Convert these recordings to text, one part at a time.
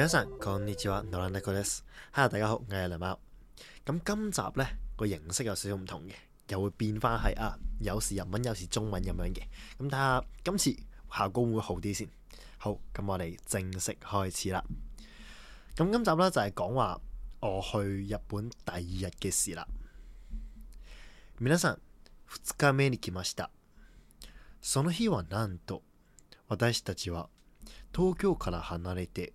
皆さん、こんにちは、ノラネコです。Hello，大家好，我係梁貓。咁今集咧個形式有少少唔同嘅，又會變翻係啊，有時日文，有時中文咁樣嘅。咁睇下今次效果會好啲先。好，咁我哋正式開始啦。咁今集咧就係講話我去日本第二日嘅事啦。皆さん、二日目に來ました。その日はなんと、私たちは東京から離れて。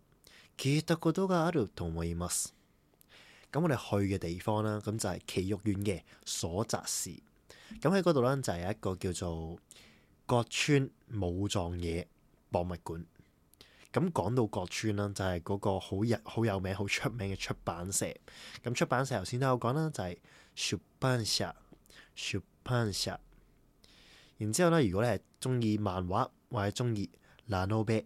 記得個 doğa 阿道同威斯，咁我哋去嘅地方啦，咁就係埼玉縣嘅所澤市。咁喺嗰度咧就係一個叫做角川武藏野博物館。咁講到角川啦，就係、是、嗰個好日好有名、好出名嘅出版社。咁出版社頭先都有講啦，就係 Shupansha Shupansha。然之後咧，如果你係中意漫畫，或者中意ラノベ。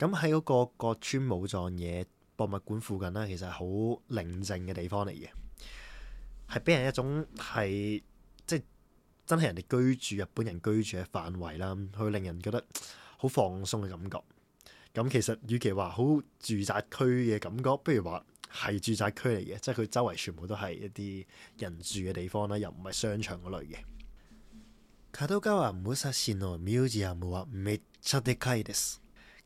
咁喺嗰個角川武藏野博物館附近呢，其實係好寧靜嘅地方嚟嘅，係俾人一種係即係真係人哋居住、日本人居住嘅範圍啦，去令人覺得好放鬆嘅感覺。咁其實與其話好住宅區嘅感覺，不如話係住宅區嚟嘅，即係佢周圍全部都係一啲人住嘅地方啦，又唔係商場嗰類嘅。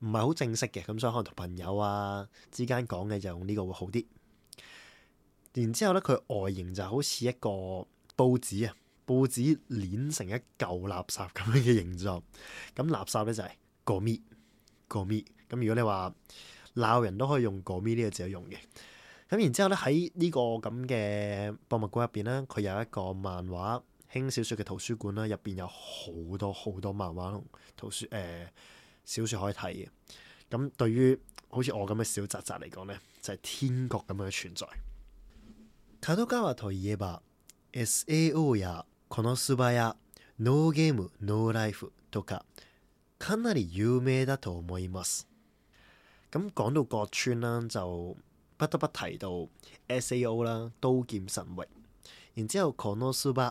唔係好正式嘅，咁所以可能同朋友啊之間講嘅就用呢個會好啲。然之後咧，佢外形就好似一個報紙啊，報紙攣成一嚿垃圾咁樣嘅形狀。咁垃圾咧就係ゴミ？ゴミ？咁如果你話鬧人都可以用ゴミ呢個字有用嘅。咁然之後咧喺呢這個咁嘅博物館入邊咧，佢有一個漫畫輕小說嘅圖書館啦，入邊有好多好多漫畫同圖書誒。呃小説可以睇嘅，咁對於好似我咁嘅小宅宅嚟講咧，就係、是、天國咁樣嘅存在。角川と言えば，S A O 呀，このスバや、No Game No Life，とかかなり有名だと思います。咁講 到角川啦、啊，就不得不提到 S A O 啦，《刀劍神域》，然之後《このスバ》。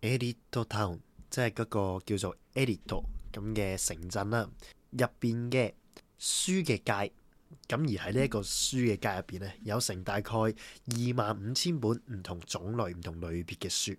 Edit Town，即係嗰個叫做 Edit 咁嘅城鎮啦，入邊嘅書嘅街，咁而喺呢一個書嘅街入邊咧，有成大概二萬五千本唔同種類、唔同類別嘅書。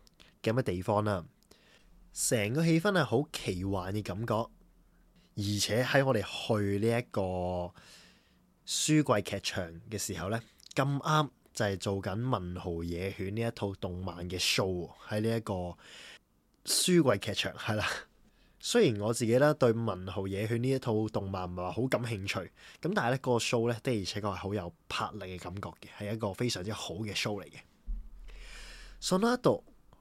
嘅乜地方啦？成個氣氛係好奇幻嘅感覺，而且喺我哋去呢一個書櫃劇場嘅時候呢，咁啱就係做緊《文豪野犬》呢一套動漫嘅 show 喺呢一個書櫃劇場係啦。 雖然我自己呢對《文豪野犬》呢一套動漫唔係好感興趣，咁但係呢個 show 呢的而且確係好有魄力嘅感覺嘅，係一個非常之好嘅 show 嚟嘅。Sonato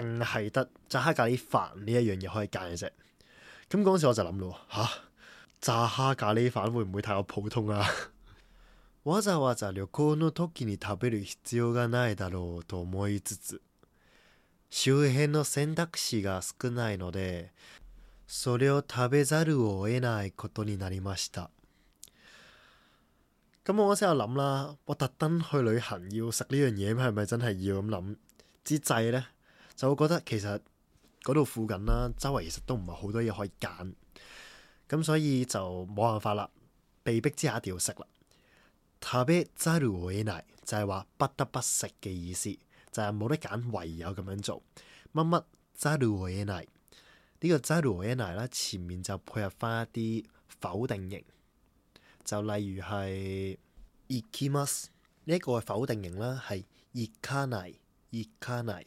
淨係得炸蝦咖喱飯呢一樣嘢可以揀嘅啫。咁嗰時我就諗咯吓，炸蝦咖喱飯會唔會太過普通啊？わざわざ旅行の時に食べる必要がないだろうと思いつつ、周辺の選択肢が少ないので、それを食べざるを得ないことになりました。咁我嗰時又諗啦，我特登去旅行要食呢樣嘢，係咪真係要咁諗之制咧？就會覺得其實嗰度附近啦，周圍其實都唔係好多嘢可以揀，咁所以就冇辦法啦，被逼之下一定要食啦。食べざるを得ない，就係話不得不食嘅意思，就係冇得揀，唯有咁樣做。乜乜ざるを得ない？呢個ざるを得ない咧，前面就配合翻一啲否定型，就例如係いきます呢一個係否定型啦，係いかない、いかない。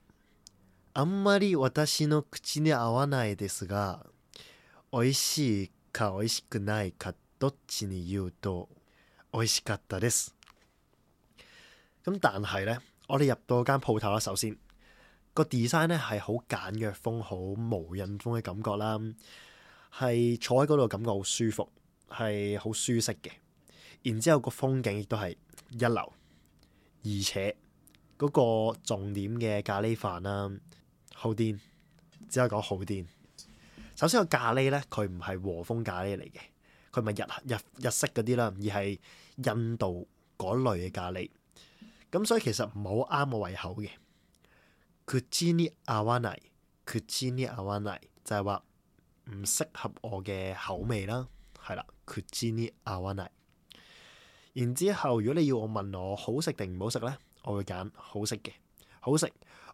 咁但係咧，我哋入到間鋪頭啦。首先個 design 咧係好簡約風、好無印風嘅感覺啦，係坐喺嗰度感覺好舒服，係好舒適嘅。然之後個風景亦都係一流，而且嗰個重點嘅咖喱飯啦，啊。好癲，只可以講好癲。首先個咖喱咧，佢唔係和風咖喱嚟嘅，佢唔係日日日式嗰啲啦，而係印度嗰類嘅咖喱。咁所以其實唔好啱我胃口嘅。口に合わない，口に合わない就係話唔適合我嘅口味啦，係啦。口に合わない。然之後如果你要我問我好食定唔好食咧，我會揀好食嘅，好食。好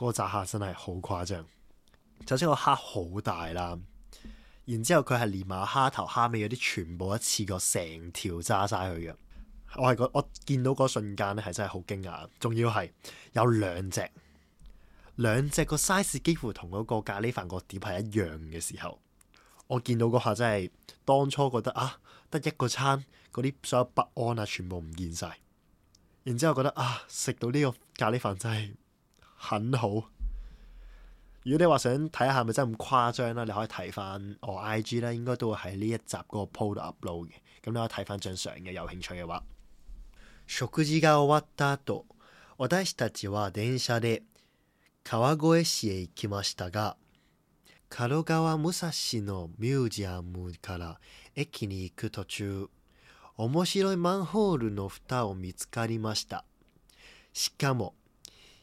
嗰個炸蝦真係好誇張，首先個蝦好大啦，然之後佢係連埋蝦頭蝦尾嗰啲全部一次過成條炸晒佢嘅。我係覺我見到嗰瞬間咧係真係好驚訝，仲要係有兩隻，兩隻個 size 幾乎同嗰個咖喱飯個碟係一樣嘅時候，我見到嗰下真係當初覺得啊，得一個餐嗰啲所有不安啊全部唔見晒。然之後覺得啊食到呢個咖喱飯真係～很好，如果你話想睇下，咪真係咁誇張啦！你可以睇翻我 I G 咧，應該都會喺呢一集嗰個 post upload 嘅，咁你可以睇翻張相嘅，有興趣嘅話。食事が終わった後、私たちは電車で川越市へ行きましたが、角川武蔵野ミュージアムから駅に行く途中、面白いマンホールの蓋を見つかりました。しかも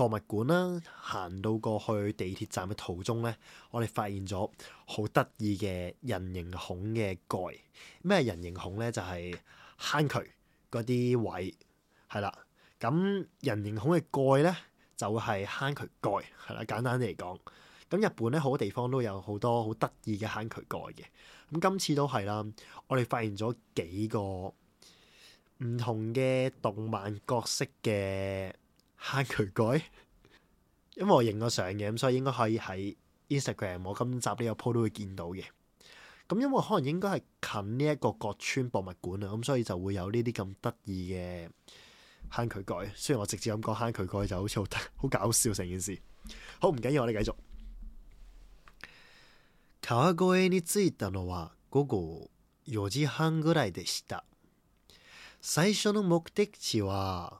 博物館啦，行到過去地鐵站嘅途中咧，我哋發現咗好得意嘅人形孔嘅蓋。咩人形孔咧？就係、是、坑渠嗰啲位，係啦。咁人形孔嘅蓋咧，就係坑渠蓋，係啦。簡單地嚟講，咁日本咧，好多地方都有好多好得意嘅坑渠蓋嘅。咁今次都係啦，我哋發現咗幾個唔同嘅動漫角色嘅。坑渠蓋，因為我影過相嘅，咁所以應該可以喺 Instagram 我今集呢個鋪都會見到嘅。咁因為可能應該係近呢一個角川博物館啊，咁所以就會有呢啲咁得意嘅坑渠蓋。雖然我直接咁講坑渠蓋就好似好好搞笑成件事。好，唔緊要，我哋繼續。川越に着いたのは午後四時半ぐらいでした。最初の目的地は。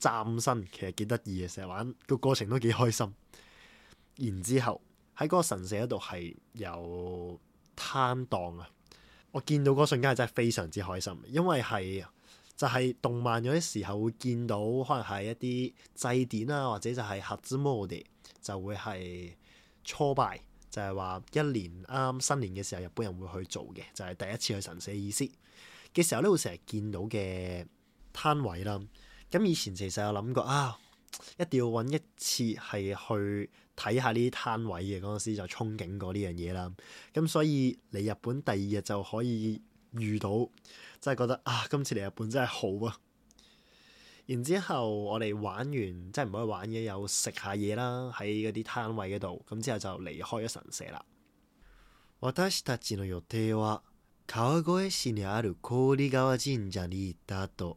斬新，其實幾得意嘅，成日玩個過程都幾開心。然之後喺嗰個神社嗰度係有攤檔啊，我見到嗰瞬間係真係非常之開心，因為係就係、是、動漫有啲時候會見到，可能係一啲祭典啊，或者就係盒子 model 就會係初拜，就係、是、話一年啱新年嘅時候，日本人會去做嘅，就係、是、第一次去神社意思嘅時候咧，會成日見到嘅攤位啦。咁以前其實有諗過啊，一定要揾一次係去睇下呢啲攤位嘅嗰陣時，就憧憬過呢樣嘢啦。咁所以嚟日本第二日就可以遇到，真係覺得啊，今次嚟日本真係好啊。然之後我哋玩完，即係唔可以玩嘢，又食下嘢啦，喺嗰啲攤位嗰度。咁之後就離開咗神社啦。私たちの予定は川越市にある氷川神社に行った後。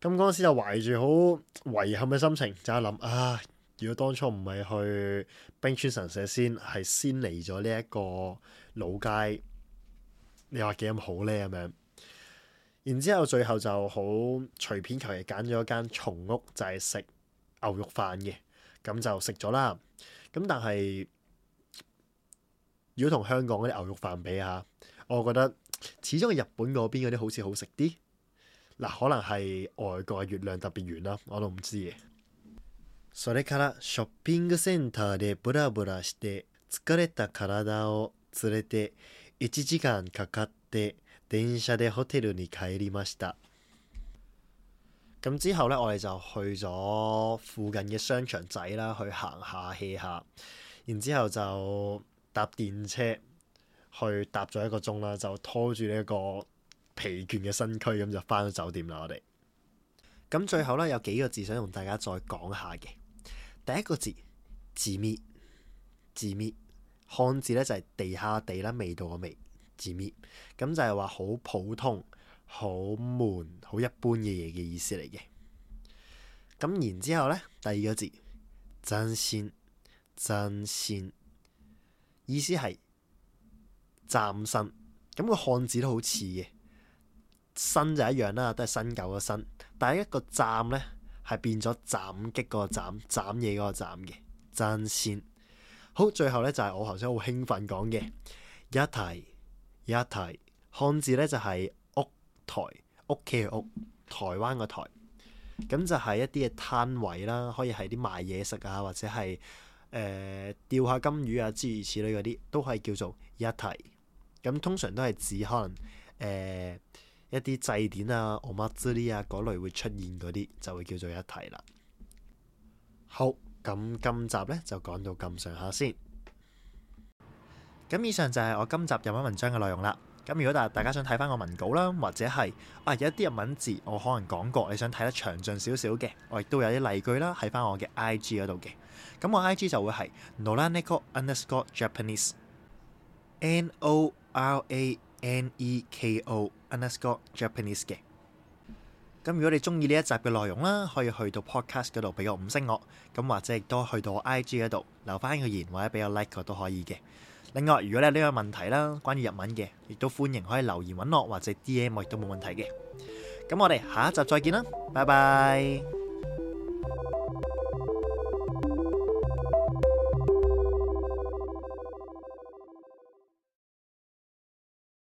咁嗰陣時就懷住好遺憾嘅心情，就喺諗，啊，如果當初唔係去冰川神社先，係先嚟咗呢一個老街，你話幾咁好咧？咁樣，然之後最後就好隨便，求其揀咗一間松屋就係、是、食牛肉飯嘅，咁就食咗啦。咁但係如果同香港嗰啲牛肉飯比下，我覺得始終日本嗰邊嗰啲好似好食啲。嗱，可能係外國月亮特別圓啦，我都唔知嘅。咁之後咧，我哋就去咗附近嘅商場仔啦，去行下 hea 下，然之後就搭電車去搭咗一個鐘啦，就拖住呢一個。疲倦嘅身軀，咁就翻咗酒店啦。我哋咁最後咧，有幾個字想同大家再講下嘅。第一個字字咩字咩漢字咧就係、是、地下地啦，味道嘅味字咩咁就係話好普通、好悶、好一般嘅嘢嘅意思嚟嘅。咁然之後咧，第二個字真先真先意思係斬新」那個漢。咁個漢字都好似嘅。新就一樣啦，都係新舊嘅新。但係一個站咧，係變咗斬擊嗰個斬，斬嘢嗰個斬嘅爭先。好，最後咧就係我頭先好興奮講嘅一題一題漢字咧，就係屋台，屋企嘅屋，台灣個台，咁就係一啲嘅攤位啦，可以係啲賣嘢食啊，或者係誒釣下金魚啊，諸如此類嗰啲都可以叫做一題。咁通常都係指可能誒。呃一啲祭典啊、お祭り啊嗰類會出現嗰啲，就會叫做屋台啦。好，咁今集呢，就講到咁上下先。咁以上就係我今集日文文章嘅內容啦。咁如果大大家想睇翻個文稿啦，或者係啊有啲日文字我可能講過，你想睇得詳盡少少嘅，我亦都有啲例句啦，喺翻我嘅 I G 嗰度嘅。咁我 I G 就會係 Noraneko underscore Japanese N O R A N E K O。R A n e K o, Noraneko Japanese 嘅，咁如果你中意呢一集嘅內容啦，可以去到 Podcast 嗰度俾我五星我，咁或者亦都去到我 IG 嗰度留翻個言或者俾我 like 我都可以嘅。另外，如果你有呢個問題啦，關於日文嘅，亦都歡迎可以留言揾我或者 DM 我，亦都冇問題嘅。咁我哋下一集再見啦，拜拜。